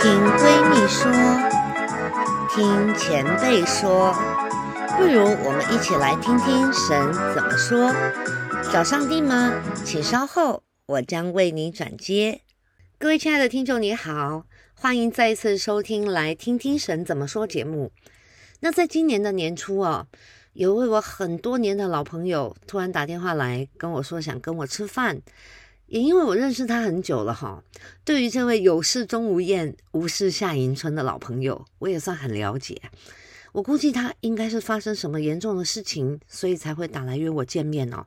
聽閨蜜說，聽前輩說，不如我們一起來聽聽神怎麼說。找上帝嗎？請稍後，我將為你轉接。各位親愛的聽眾，你好，歡迎再一次收聽來聽聽神怎麼說節目。那在今年的年初哦、啊，有位我很多年的老朋友突然打電話來跟我說，想跟我吃飯。也因為我認識他很久了哈，對於這位有事鍾無艷、無事夏迎春的老朋友，我也算很了解。我估計他應該是發生什麼嚴重的事情，所以才會打來約我見面哦。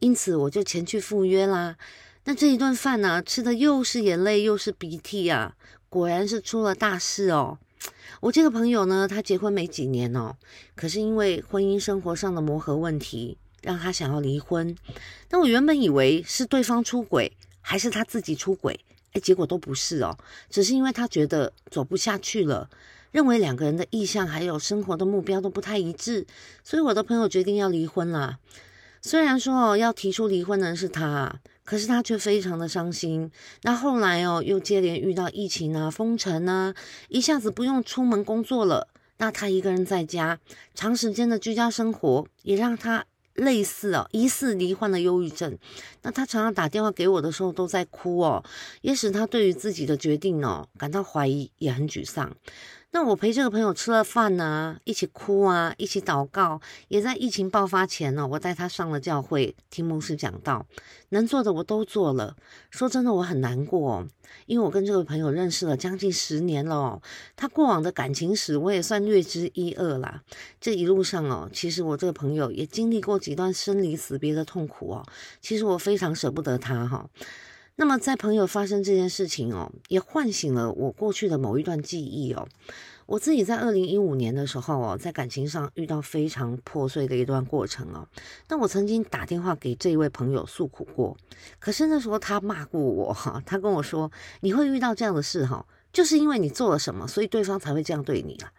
因此我就前去赴約啦。那這一頓飯呢啊，吃的又是眼淚又是鼻涕啊，果然是出了大事哦。我這個朋友呢，他結婚沒幾年哦，可是因為婚姻生活上的磨合問題。讓他想要離婚，那我原本以為是對方出軌，還是他自己出軌，誒，結果都不是哦，只是因為他覺得走不下去了，認為兩個人的意向還有生活的目標都不太一致，所以我的朋友決定要離婚啦。雖然說哦，要提出離婚的是他，可是他卻非常的傷心。那後來哦，又接連遇到疫情啊、封城啊，一下子不用出門工作了，那他一個人在家長時間的居家生活，也讓他。類似哦，疑似罹患了憂鬱症，那他常常打電話給我的時候都在哭哦，也許他對於自己的決定哦感到懷疑，也很沮喪。那我陪這個朋友吃了飯呢、啊，一起哭啊，一起禱告，也在疫情爆發前呢、哦，我帶他上了教會，聽牧師講道，能做的我都做了。說真的，我很難過、哦，因為我跟這個朋友認識了將近十年了、哦，他過往的感情史我也算略知一二啦。這一路上哦，其實我這個朋友也經歷過幾段生離死別的痛苦哦，其實我非常捨不得他哈、哦。那麼，在朋友發生這件事情哦，也喚醒了我過去的某一段記憶哦。我自己在二零一五年的時候哦，在感情上遇到非常破碎的一段過程哦。那我曾經打電話給這一位朋友訴苦過，可是那時候他罵過我哈，他跟我說，你會遇到這樣的事哈、哦，就是因為你做了什麼，所以對方才會這樣對你了。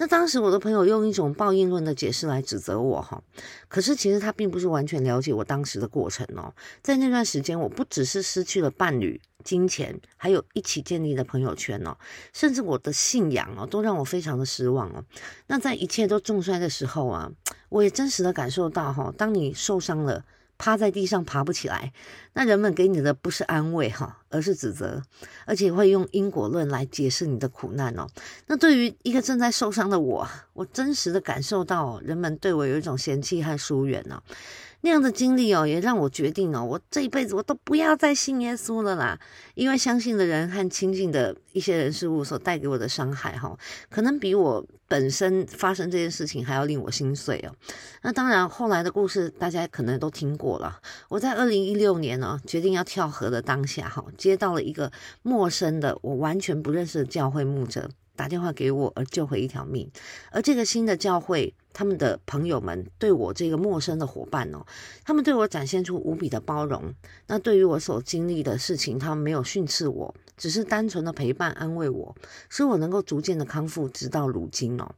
那當時我的朋友用一種報應論的解釋來指責我哈、哦，可是其實他並不是完全了解我當時的過程哦。在那段時間，我不只是失去了伴侶、金錢，還有一起建立的朋友圈哦，甚至我的信仰哦，都讓我非常的失望哦。那在一切都重摔的時候啊，我也真實的感受到哈、哦，當你受傷了，趴在地上爬不起來，那人們給你的不是安慰哈、哦。而是指責，而且會用因果論來解釋你的苦難哦。那對於一個正在受傷的我，我真實的感受到人們對我有一種嫌棄和疏遠哦。那樣的經歷哦，也讓我決定哦，我這一輩子我都不要再信耶穌了啦。因為相信的人和親近的一些人事物所帶給我的傷害哈、哦，可能比我本身發生這件事情還要令我心碎哦。那當然，後來的故事大家可能都聽過了。我在二零一六年呢、哦，決定要跳河的當下哈、哦。接到了一個陌生的，我完全不認識的教會牧者打電話給我而救回一條命，而這個新的教會，他們的朋友們對我這個陌生的夥伴哦，他們對我展現出無比的包容。那對於我所經歷的事情，他們沒有訓斥我，只是單純的陪伴安慰我，使我能夠逐漸的康復，直到如今哦。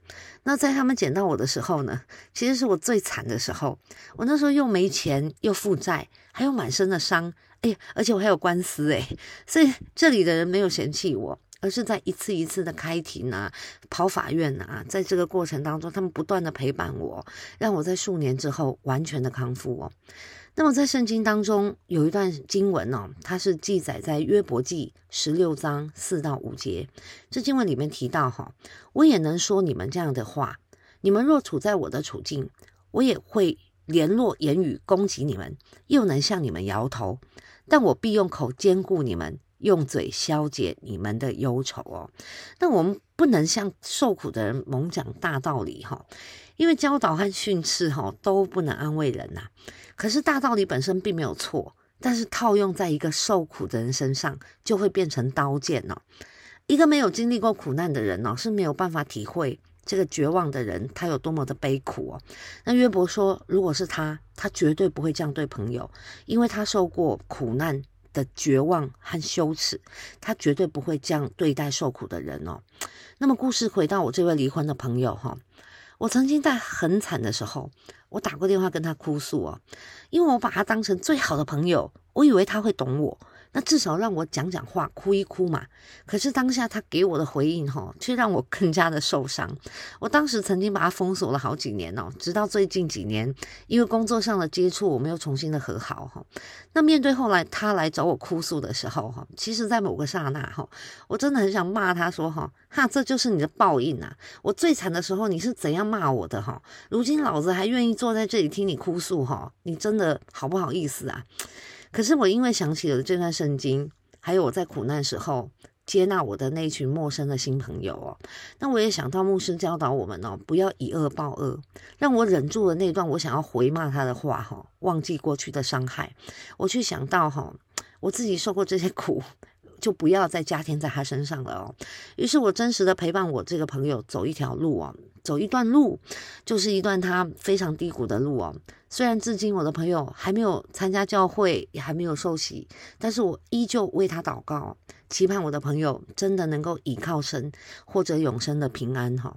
那在他們撿到我的時候呢，其實是我最慘的時候。我那時候又沒錢，又負債，還有滿身的傷，哎呀，而且我還有官司哎，所以這裡的人沒有嫌棄我。而是在一次一次的開庭啊，跑法院啊，在這個過程當中，他們不斷的陪伴我，讓我在數年之後完全的康復哦。那麼在聖經當中有一段經文哦，它是記載在約伯記十六章四到五節。這經文裡面提到哈、哦，我也能說你們這樣的話，你們若處在我的處境，我也會聯絡言語攻擊你們，又能向你們搖頭，但我必用口堅固你們，用嘴消解你們的憂愁哦，那我們不能向受苦的人猛講大道理哈、哦，因為教導和訓斥哈、哦、都不能安慰人吶、啊。可是大道理本身並沒有錯，但是套用在一個受苦的人身上就會變成刀劍哦，一個沒有經歷過苦難的人呢、哦、是沒有辦法體會這個絕望的人他有多麼的悲苦哦。那約伯說，如果是他，他絕對不會這樣對朋友，因為他受過苦難。的絕望和羞恥，他絕對不會這樣對待受苦的人哦。那麼，故事回到我這位離婚的朋友哈，我曾經在很慘的時候，我打過電話跟他哭訴哦，因為我把他當成最好的朋友，我以為他會懂我。那至少讓我講講話，哭一哭嘛。可是當下他給我的回應哈，卻讓我更加的受傷。我當時曾經把他封鎖了好幾年哦，直到最近幾年，因為工作上的接觸，我們又重新的和好哈。那面對後來他來找我哭訴的時候哈，其實，在某個剎那哈，我真的很想罵他說哈，哈，這就是你的報應啊！我最慘的時候你是怎樣罵我的哈？如今老子還願意坐在這裡聽你哭訴哈，你真的好不好意思啊？可是我因為想起了這段聖經，還有我在苦難時候接納我的那一群陌生的新朋友哦，那我也想到牧師教導我們哦，不要以惡報惡，讓我忍住了那段我想要回罵他的話哈、哦，忘記過去的傷害，我去想到哈、哦，我自己受過這些苦。就不要再加添在他身上了哦。於是我真實的陪伴我這個朋友走一條路哦，走一段路，就是一段他非常低谷的路哦。雖然至今我的朋友還沒有參加教會，也還沒有受洗，但是我依舊為他禱告，期盼我的朋友真的能夠倚靠神或者永生的平安哈、哦。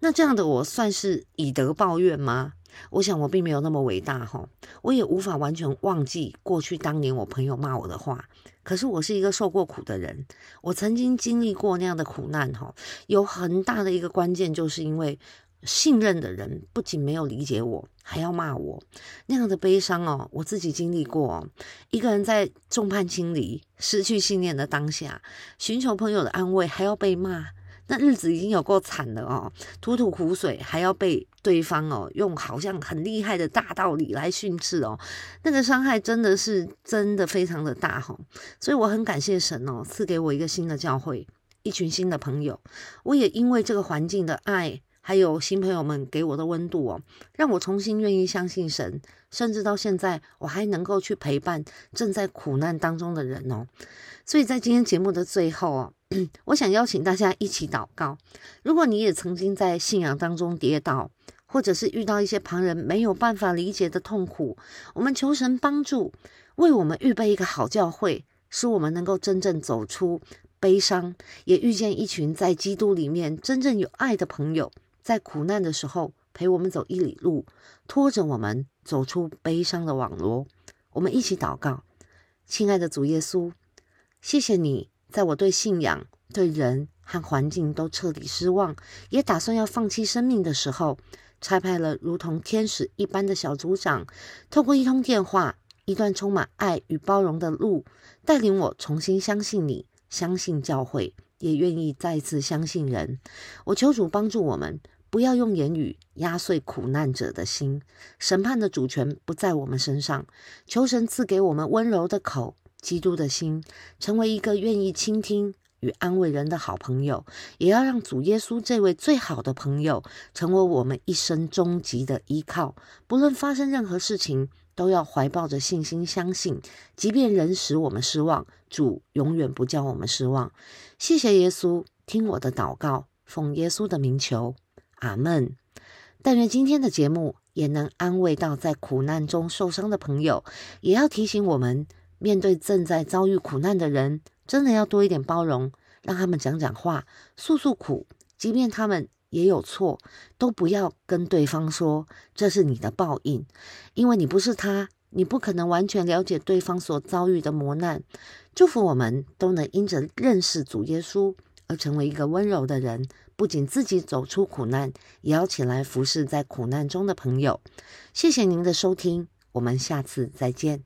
那這樣的我算是以德報怨嗎？我想，我並沒有那麼偉大哈，我也無法完全忘記過去當年我朋友罵我的話。可是，我是一個受過苦的人，我曾經經歷過那樣的苦難哈。有很大的一個關鍵，就是因為信任的人不僅沒有理解我，還要罵我，那樣的悲傷哦，我自己經歷過哦。一個人在眾叛親離、失去信念的當下，尋求朋友的安慰，還要被罵。那日子已經有夠慘了哦，吐吐苦水，還要被對方哦用好像很厲害的大道理來訓斥哦，那個傷害真的是真的非常的大哦。所以我很感謝神哦，賜給我一個新的教會，一群新的朋友，我也因為這個環境的愛，還有新朋友們給我的溫度哦，讓我重新願意相信神，甚至到現在我還能夠去陪伴正在苦難當中的人哦，所以在今天節目的最後哦。 我想邀請大家一起禱告。如果你也曾經在信仰當中跌倒，或者是遇到一些旁人沒有辦法理解的痛苦，我們求神幫助，為我們預備一個好教會，使我們能夠真正走出悲傷，也遇見一群在基督裡面真正有愛的朋友，在苦難的時候陪我們走一里路，拖着我們走出悲傷的網羅。我們一起禱告，親愛的主耶穌，謝謝你。在我對信仰、對人和環境都徹底失望，也打算要放棄生命的時候，差派了如同天使一般的小組長，透過一通電話、一段充滿愛與包容的路，帶領我重新相信你，相信教會，也願意再次相信人。我求主幫助我們，不要用言語壓碎苦難者的心。審判的主權不在我們身上。求神賜給我們溫柔的口。基督的心，成為一個願意傾聽與安慰人的好朋友，也要讓主耶穌這位最好的朋友成為我們一生終極的依靠。不論發生任何事情，都要懷抱着信心，相信，即便人使我們失望，主永遠不叫我們失望。謝謝耶穌，聽我的禱告，奉耶穌的名求，阿門。但願今天的節目也能安慰到在苦難中受傷的朋友，也要提醒我們。面對正在遭遇苦難的人，真的要多一點包容，讓他們講講話、訴訴苦，即便他們也有錯，都不要跟對方說，這是你的報應，因為你不是他，你不可能完全了解對方所遭遇的磨難。祝福我們都能因着認識主耶穌而成為一個溫柔的人，不僅自己走出苦難，也要起來服侍在苦難中的朋友。謝謝您的收聽，我們下次再見。